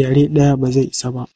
Yare ɗaya ba zai isa ba.